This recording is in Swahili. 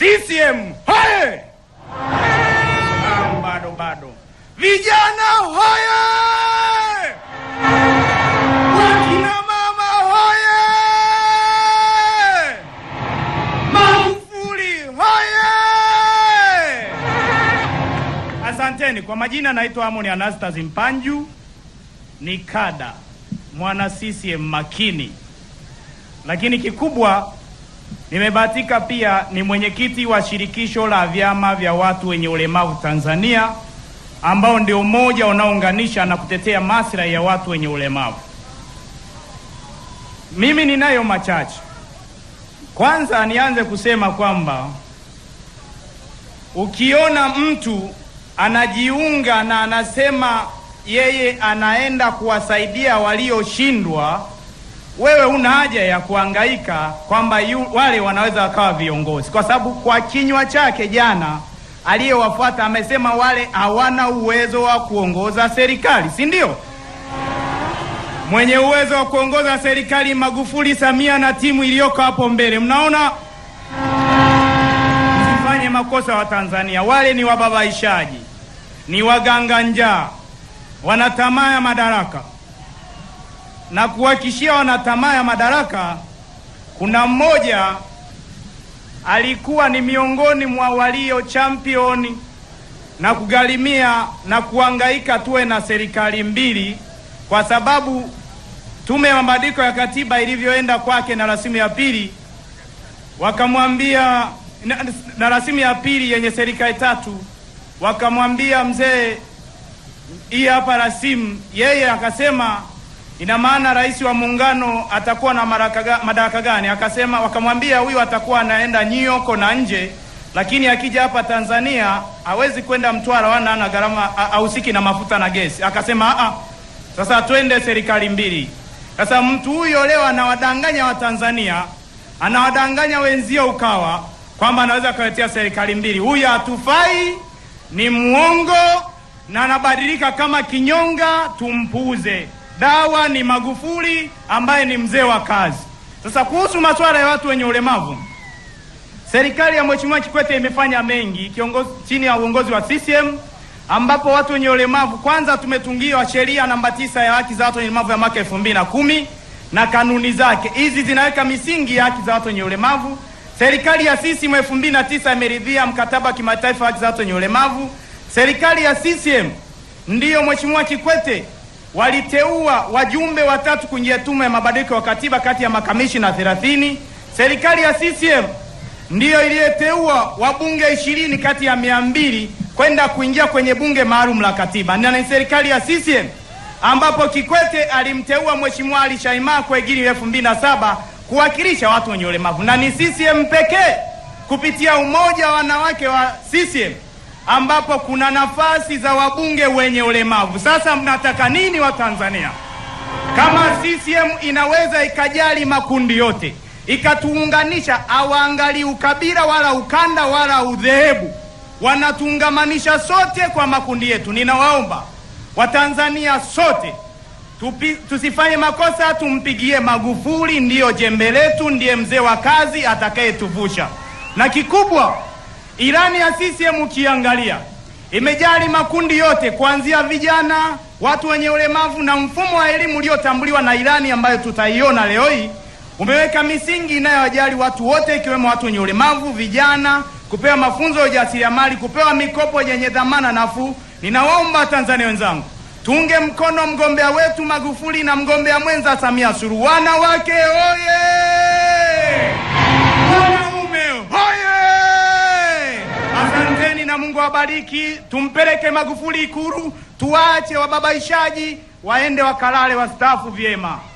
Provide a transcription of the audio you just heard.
CCM hoye! Bado bado, vijana hoye! Wakina mama hoye! Magufuli hoye! Asanteni kwa majina, naitwa Amoni Anastas Mpanju, ni kada mwana CCM makini, lakini kikubwa Nimebahatika pia ni mwenyekiti wa shirikisho la vyama vya watu wenye ulemavu Tanzania, ambao ndio mmoja unaounganisha na kutetea maslahi ya watu wenye ulemavu. Mimi ninayo machache. Kwanza nianze kusema kwamba ukiona mtu anajiunga na anasema yeye anaenda kuwasaidia walioshindwa wewe una haja ya kuangaika kwamba wale wanaweza wakawa viongozi, kwa sababu kwa kinywa chake jana aliyewafuata amesema wale hawana uwezo wa kuongoza serikali, si ndio? Mwenye uwezo wa kuongoza serikali Magufuli, Samia na timu iliyoko hapo mbele. Mnaona, msifanye makosa wa Tanzania. Wale ni wababaishaji, ni waganga njaa, wanatamaya madaraka na kuwakishia wanatamaa ya madaraka. Kuna mmoja alikuwa ni miongoni mwa walio champion na kugharimia na kuangaika tuwe na serikali mbili, kwa sababu tume ya mabadiliko ya katiba ilivyoenda kwake na rasimu ya pili wakamwambia na, na rasimu ya pili yenye serikali tatu wakamwambia mzee, hii hapa rasimu. Yeye akasema ina maana rais wa muungano atakuwa na madaraka gani? Akasema, wakamwambia huyu atakuwa anaenda Nyiyoko na nje, lakini akija hapa Tanzania hawezi kwenda Mtwara, wana ana gharama ahusiki na mafuta na gesi. Akasema a, sasa twende serikali mbili. Sasa mtu huyo leo anawadanganya Watanzania, anawadanganya wenzio Ukawa kwamba anaweza kuletea serikali mbili. Huyu hatufai, ni mwongo na anabadilika kama kinyonga, tumpuuze dawa ni Magufuli ambaye ni mzee wa kazi. Sasa kuhusu masuala ya watu wenye ulemavu, serikali ya Mheshimiwa Kikwete imefanya mengi kiongozi, chini ya uongozi wa CCM ambapo watu wenye ulemavu kwanza tumetungiwa sheria namba tisa ya haki za watu wenye ulemavu ya mwaka elfu mbili na kumi na kanuni zake hizi zinaweka misingi ya haki za watu wenye ulemavu. Serikali ya CCM elfu mbili na tisa imeridhia mkataba wa kimataifa wa haki za watu wenye ulemavu. Serikali ya CCM ndiyo Mheshimiwa Kikwete waliteua wajumbe watatu kuingia tume ya mabadiliko ya katiba kati ya makamishina thelathini. Serikali ya CCM ndiyo iliyoteua wabunge ishirini kati ya mia mbili kwenda kuingia kwenye bunge maalum la katiba, na ni serikali ya CCM ambapo Kikwete alimteua Mheshimiwa Ali Shaima Kwegili elfu mbili na saba kuwakilisha watu wenye ulemavu, na ni CCM pekee kupitia umoja wa wanawake wa CCM ambapo kuna nafasi za wabunge wenye ulemavu. Sasa mnataka nini Watanzania? Kama CCM inaweza ikajali makundi yote ikatuunganisha, awaangalii ukabila wala ukanda wala udhehebu, wanatuungamanisha sote kwa makundi yetu. Ninawaomba Watanzania sote tupi, tusifanye makosa, tumpigie Magufuli, ndiyo jembe letu, ndiye mzee wa kazi atakayetuvusha na kikubwa Irani ya CCM ukiangalia imejali makundi yote kuanzia vijana, watu wenye ulemavu na mfumo wa elimu uliotambuliwa na Irani ambayo tutaiona leo hii umeweka misingi inayowajali watu wote ikiwemo watu wenye ulemavu, vijana kupewa mafunzo ya ujasiriamali, kupewa mikopo yenye dhamana nafuu. Ninawaomba tanzania wenzangu, tuunge mkono mgombea wetu Magufuli na mgombea mwenza Samia Suluhu. Wanawake oye! awabariki, tumpeleke Magufuli Ikuru, tuwache wababaishaji waende wakalale, wastaafu vyema.